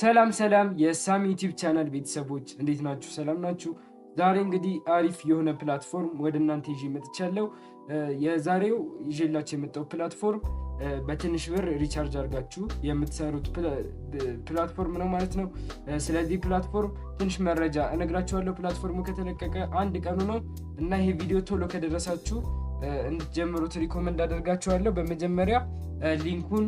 ሰላም ሰላም የሳሚ ዩቲዩብ ቻናል ቤተሰቦች እንዴት ናችሁ? ሰላም ናችሁ? ዛሬ እንግዲህ አሪፍ የሆነ ፕላትፎርም ወደ እናንተ ይዤ መጥቻለሁ። የዛሬው ይዤላችሁ የመጣው ፕላትፎርም በትንሽ ብር ሪቻርጅ አድርጋችሁ የምትሰሩት ፕላትፎርም ነው ማለት ነው። ስለዚህ ፕላትፎርም ትንሽ መረጃ እነግራችኋለሁ። ፕላትፎርሙ ከተለቀቀ አንድ ቀኑ ነው እና ይሄ ቪዲዮ ቶሎ ከደረሳችሁ እንድትጀምሩት ሪኮመንድ አደርጋችኋለሁ። በመጀመሪያ ሊንኩን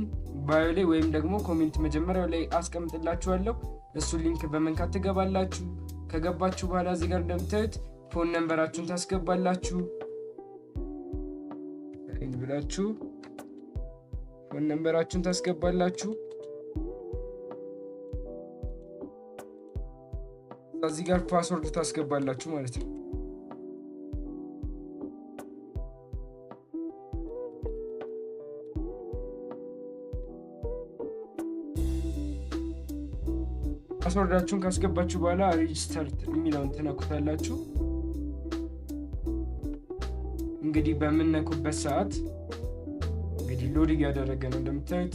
ባዮ ላይ ወይም ደግሞ ኮሜንት መጀመሪያው ላይ አስቀምጥላችኋለሁ። እሱ ሊንክ በመንካት ትገባላችሁ። ከገባችሁ በኋላ እዚህ ጋር እንደምታዩት ፎን ነንበራችሁን ታስገባላችሁ ብላችሁ ፎን ነንበራችሁን ታስገባላችሁ። እዚህ ጋር ፓስወርድ ታስገባላችሁ ማለት ነው። ፓስወርዳችሁን ካስገባችሁ በኋላ ሬጅስተርድ የሚለውን ትነኩታላችሁ እንግዲህ በምነኩበት ሰዓት እንግዲህ ሎድ እያደረገ ነው እንደምታዩት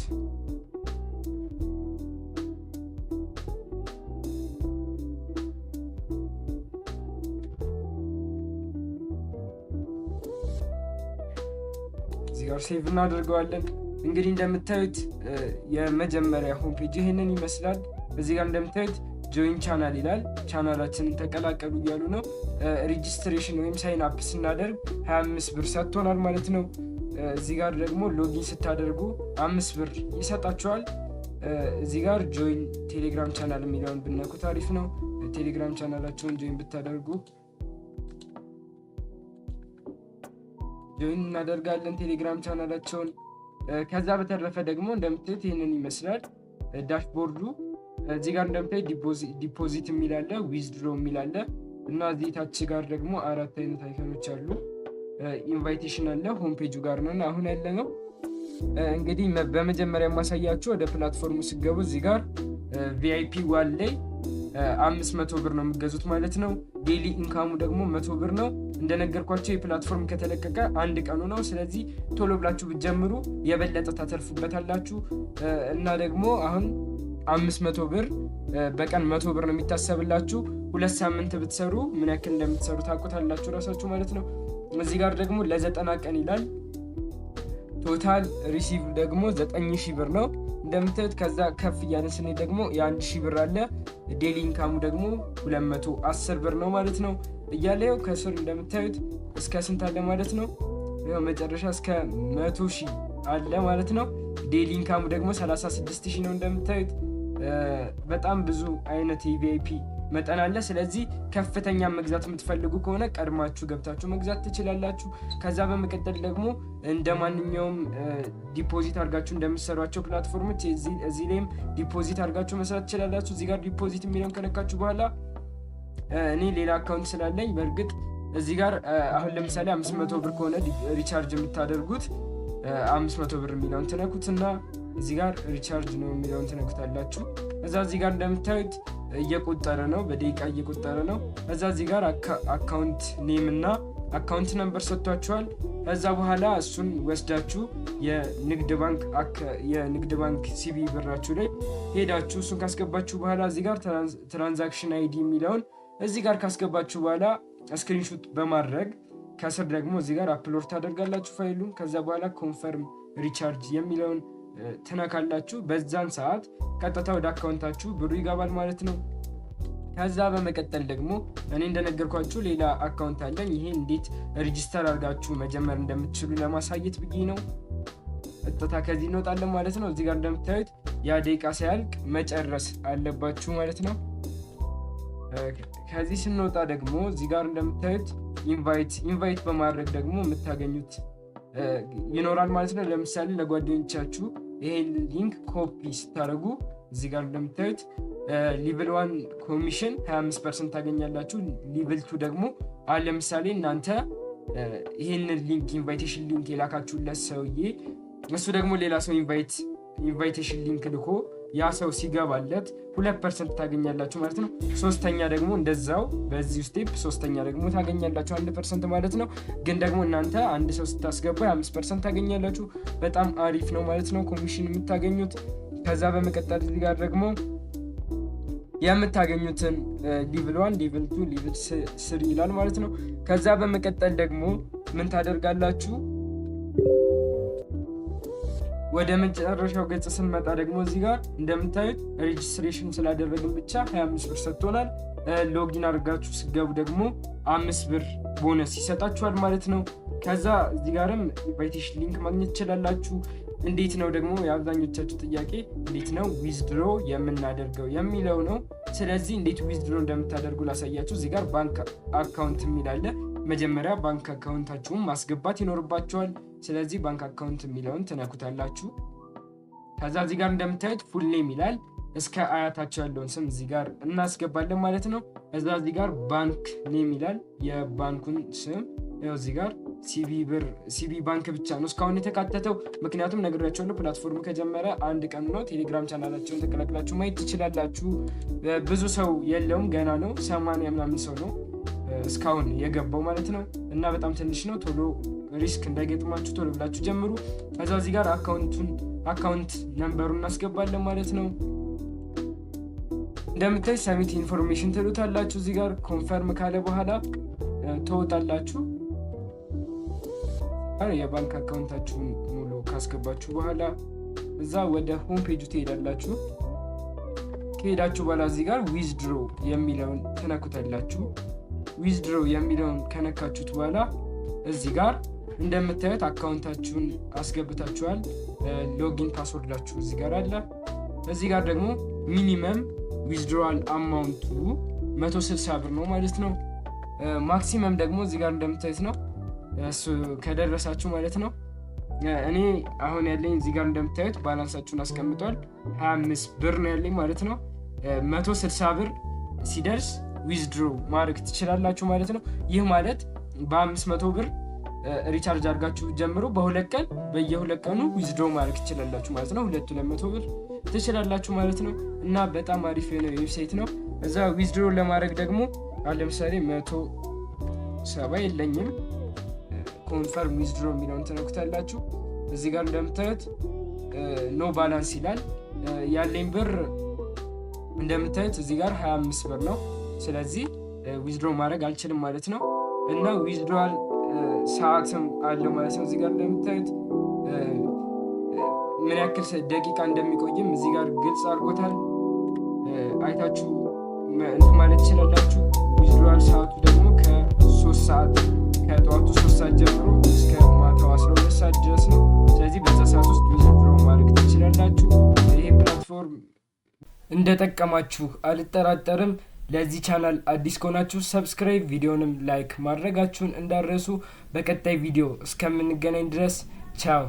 እዚህ ጋር ሴቭ እናደርገዋለን እንግዲህ እንደምታዩት የመጀመሪያ ሆምፔጅ ይህንን ይመስላል እዚህ ጋር እንደምታዩት ጆይን ቻናል ይላል። ቻናላችንን ተቀላቀሉ እያሉ ነው። ሬጂስትሬሽን ወይም ሳይን አፕ ስናደርግ 25 ብር ሰጥቶናል ማለት ነው። እዚህ ጋር ደግሞ ሎጊን ስታደርጉ አምስት ብር ይሰጣችኋል። እዚህ ጋር ጆይን ቴሌግራም ቻናል የሚለውን ብነኩት አሪፍ ነው። ቴሌግራም ቻናላቸውን ጆይን ብታደርጉ ጆይን እናደርጋለን ቴሌግራም ቻናላቸውን። ከዛ በተረፈ ደግሞ እንደምታዩት ይህንን ይመስላል ዳሽቦርዱ እዚህ ጋር እንደምታይ ዲፖዚት የሚላለ ዊዝድሮ የሚላለ እና እዚህ ታች ጋር ደግሞ አራት አይነት አይከኖች አሉ። ኢንቫይቴሽን አለ ሆምፔጁ ጋር ነን አሁን ያለ ነው። እንግዲህ በመጀመሪያ የማሳያችሁ ወደ ፕላትፎርሙ ሲገቡ እዚህ ጋር ቪአይፒ ዋን ላይ አምስት መቶ ብር ነው የሚገዙት ማለት ነው። ዴሊ ኢንካሙ ደግሞ መቶ ብር ነው። እንደነገርኳቸው የፕላትፎርም ከተለቀቀ አንድ ቀኑ ነው። ስለዚህ ቶሎ ብላችሁ ብትጀምሩ የበለጠ ታተርፉበታላችሁ እና ደግሞ አሁን አምስት መቶ ብር በቀን መቶ ብር ነው የሚታሰብላችሁ። ሁለት ሳምንት ብትሰሩ ምን ያክል እንደምትሰሩ ታውቁታላችሁ ራሳችሁ ማለት ነው። እዚህ ጋር ደግሞ ለዘጠና ቀን ይላል። ቶታል ሪሲቭ ደግሞ ዘጠኝ ሺህ ብር ነው እንደምታዩት። ከዛ ከፍ እያለ ስኔ ደግሞ የአንድ ሺህ ብር አለ። ዴሊ ኢንካሙ ደግሞ ሁለት መቶ አስር ብር ነው ማለት ነው እያለ ያው ከስር እንደምታዩት እስከ ስንት አለ ማለት ነው መጨረሻ እስከ መቶ ሺህ አለ ማለት ነው። ዴሊ ኢንካሙ ደግሞ 36 ሺህ ነው እንደምታዩት። በጣም ብዙ አይነት የቪአይፒ መጠን አለ። ስለዚህ ከፍተኛ መግዛት የምትፈልጉ ከሆነ ቀድማችሁ ገብታችሁ መግዛት ትችላላችሁ። ከዛ በመቀጠል ደግሞ እንደ ማንኛውም ዲፖዚት አድርጋችሁ እንደምትሰሯቸው ፕላትፎርሞች እዚህ ላይም ዲፖዚት አድርጋችሁ መስራት ትችላላችሁ። እዚህ ጋር ዲፖዚት የሚለውን ከነካችሁ በኋላ እኔ ሌላ አካውንት ስላለኝ በእርግጥ እዚህ ጋር አሁን ለምሳሌ አምስት መቶ ብር ከሆነ ሪቻርጅ የምታደርጉት አምስት መቶ ብር የሚለውን ትነኩትና እዚህ ጋር ሪቻርጅ ነው የሚለውን ትነኩታላችሁ። እዛ እዚህ ጋር እንደምታዩት እየቆጠረ ነው፣ በደቂቃ እየቆጠረ ነው። እዛ እዚህ ጋር አካውንት ኔም እና አካውንት ነምበር ሰጥቷችኋል። ከዛ በኋላ እሱን ወስዳችሁ የንግድ ባንክ የንግድ ባንክ ሲቪ ብራችሁ ላይ ሄዳችሁ እሱን ካስገባችሁ በኋላ እዚህ ጋር ትራንዛክሽን አይዲ የሚለውን እዚህ ጋር ካስገባችሁ በኋላ ስክሪንሹት በማድረግ ከስር ደግሞ እዚህ ጋር አፕሎድ ታደርጋላችሁ ፋይሉን። ከዛ በኋላ ኮንፈርም ሪቻርጅ የሚለውን ትነካላችሁ። በዛን ሰዓት ቀጥታ ወደ አካውንታችሁ ብሩ ይገባል ማለት ነው። ከዛ በመቀጠል ደግሞ እኔ እንደነገርኳችሁ ሌላ አካውንት አለኝ። ይሄ እንዴት ሬጂስተር አድርጋችሁ መጀመር እንደምትችሉ ለማሳየት ብዬ ነው። ቀጥታ ከዚህ እንወጣለን ማለት ነው። እዚህ ጋር እንደምታዩት ያ ደቂቃ ሳያልቅ መጨረስ አለባችሁ ማለት ነው። ከዚህ ስንወጣ ደግሞ እዚህ ጋር እንደምታዩት ኢንቫይት ኢንቫይት በማድረግ ደግሞ የምታገኙት ይኖራል ማለት ነው። ለምሳሌ ለጓደኞቻችሁ ይህን ሊንክ ኮፒ ስታደርጉ እዚህ ጋር እንደምታዩት ሊቨል ዋን ኮሚሽን 25 ፐርሰንት ታገኛላችሁ። ሊቨል ቱ ደግሞ አሁን ለምሳሌ እናንተ ይህንን ሊንክ ኢንቫይቴሽን ሊንክ የላካችሁለት ሰውዬ እሱ ደግሞ ሌላ ሰው ኢንቫይቴሽን ሊንክ ልኮ ያ ሰው ሲገባለት ሁለት ፐርሰንት ታገኛላችሁ ማለት ነው። ሶስተኛ ደግሞ እንደዛው በዚህ ስቴፕ ሶስተኛ ደግሞ ታገኛላችሁ አንድ ፐርሰንት ማለት ነው። ግን ደግሞ እናንተ አንድ ሰው ስታስገባ የአምስት ፐርሰንት ታገኛላችሁ። በጣም አሪፍ ነው ማለት ነው ኮሚሽን የምታገኙት። ከዛ በመቀጠል እዚህ ጋር ደግሞ የምታገኙትን ሊቭል ዋን ሊቭል ቱ ሊቭል ስር ይላል ማለት ነው። ከዛ በመቀጠል ደግሞ ምን ታደርጋላችሁ? ወደ መጨረሻው ገጽ ስንመጣ ደግሞ እዚህ ጋር እንደምታዩት ሬጅስትሬሽን ስላደረግን ብቻ 25 ብር ሰጥቶናል። ሎጊን አድርጋችሁ ስገቡ ደግሞ አምስት ብር ቦነስ ይሰጣችኋል ማለት ነው። ከዛ እዚህ ጋርም ኢንቫይቴሽን ሊንክ ማግኘት ትችላላችሁ። እንዴት ነው ደግሞ የአብዛኞቻችሁ ጥያቄ እንዴት ነው ዊዝድሮ የምናደርገው የሚለው ነው። ስለዚህ እንዴት ዊዝድሮ እንደምታደርጉ ላሳያችሁ። እዚህ ጋር ባንክ አካውንት የሚላለ መጀመሪያ ባንክ አካውንታችሁን ማስገባት ይኖርባችኋል። ስለዚህ ባንክ አካውንት የሚለውን ትነኩታላችሁ። ከዛ እዚህ ጋር እንደምታዩት ፉል ኔም ይላል። እስከ አያታቸው ያለውን ስም እዚህ ጋር እናስገባለን ማለት ነው። ከዛ እዚህ ጋር ባንክ ኔም ይላል። የባንኩን ስም ያው እዚህ ጋር ሲቢ ባንክ ብቻ ነው እስካሁን የተካተተው። ምክንያቱም ነግሬያቸዋለሁ፣ ፕላትፎርም ከጀመረ አንድ ቀን ነው። ቴሌግራም ቻናላቸውን ተቀላቅላችሁ ማየት ትችላላችሁ። ብዙ ሰው የለውም ገና ነው። ሰማንያ ምናምን ሰው ነው እስካሁን የገባው ማለት ነው እና በጣም ትንሽ ነው። ቶሎ ሪስክ እንዳይገጥማችሁ ቶሎ ብላችሁ ጀምሩ። ከዛ እዚህ ጋር አካውንቱን አካውንት ነንበሩ እናስገባለን ማለት ነው። እንደምታይ ሰሚት ኢንፎርሜሽን ትሉታላችሁ። እዚህ ጋር ኮንፈርም ካለ በኋላ ትወጣላችሁ። የባንክ አካውንታችሁን ሙሉ ካስገባችሁ በኋላ እዛ ወደ ሆም ፔጁ ትሄዳላችሁ። ከሄዳችሁ በኋላ እዚህ ጋር ዊዝድሮ የሚለውን ትነኩታላችሁ። ዊዝድሮ የሚለውን ከነካችሁት በኋላ እዚህ ጋር እንደምታዩት አካውንታችሁን አስገብታችኋል። ሎጊን ፓስወርዳችሁ እዚህ ጋር አለ። እዚህ ጋር ደግሞ ሚኒመም ዊዝድሮዋል አማውንቱ 160 ብር ነው ማለት ነው። ማክሲመም ደግሞ እዚህ ጋር እንደምታዩት ነው። እሱ ከደረሳችሁ ማለት ነው። እኔ አሁን ያለኝ እዚህ ጋር እንደምታዩት ባላንሳችሁን አስቀምጧል። 25 ብር ነው ያለኝ ማለት ነው። 160 ብር ሲደርስ ዊዝድሮ ማድረግ ትችላላችሁ ማለት ነው። ይህ ማለት በ500 ብር ሪቻርጅ አድርጋችሁ ጀምሮ በሁለት ቀን በየሁለት ቀኑ ዊዝድሮ ማድረግ ትችላላችሁ ማለት ነው። ሁለት ሁለት መቶ ብር ትችላላችሁ ማለት ነው። እና በጣም አሪፍ የሆነ ዌብሳይት ነው። እዛ ዊዝድሮ ለማድረግ ደግሞ ለምሳሌ መቶ ሰባ የለኝም ኮንፈርም ዊዝድሮ የሚለውን ትነኩታላችሁ። እዚህ ጋር እንደምታዩት ኖ ባላንስ ይላል። ያለኝ ብር እንደምታዩት እዚህ ጋር 25 ብር ነው። ስለዚህ ዊዝድሮ ማድረግ አልችልም ማለት ነው እና ዊዝድሮዋል ሰዓትም አለው ማለት ነው። እዚህ ጋር እንደምታዩት ምን ያክል ደቂቃ እንደሚቆይም እዚህ ጋር ግልጽ አድርጎታል። አይታችሁ እንትን ማለት ትችላላችሁ። ዊዝድሮዋል ሰዓቱ ደግሞ ከሶስት ሰዓት ከጠዋቱ ሶስት ሰዓት ጀምሮ እስከ ማታው አስራ ሁለት ሰዓት ድረስ ነው። ስለዚህ በዛ ሰዓት ውስጥ ዊዝድሮ ማድረግ ትችላላችሁ። ይሄ ፕላትፎርም እንደጠቀማችሁ አልጠራጠርም። ለዚህ ቻናል አዲስ ከሆናችሁ ሰብስክራይብ፣ ቪዲዮንም ላይክ ማድረጋችሁን እንዳረሱ። በቀጣይ ቪዲዮ እስከምንገናኝ ድረስ ቻው።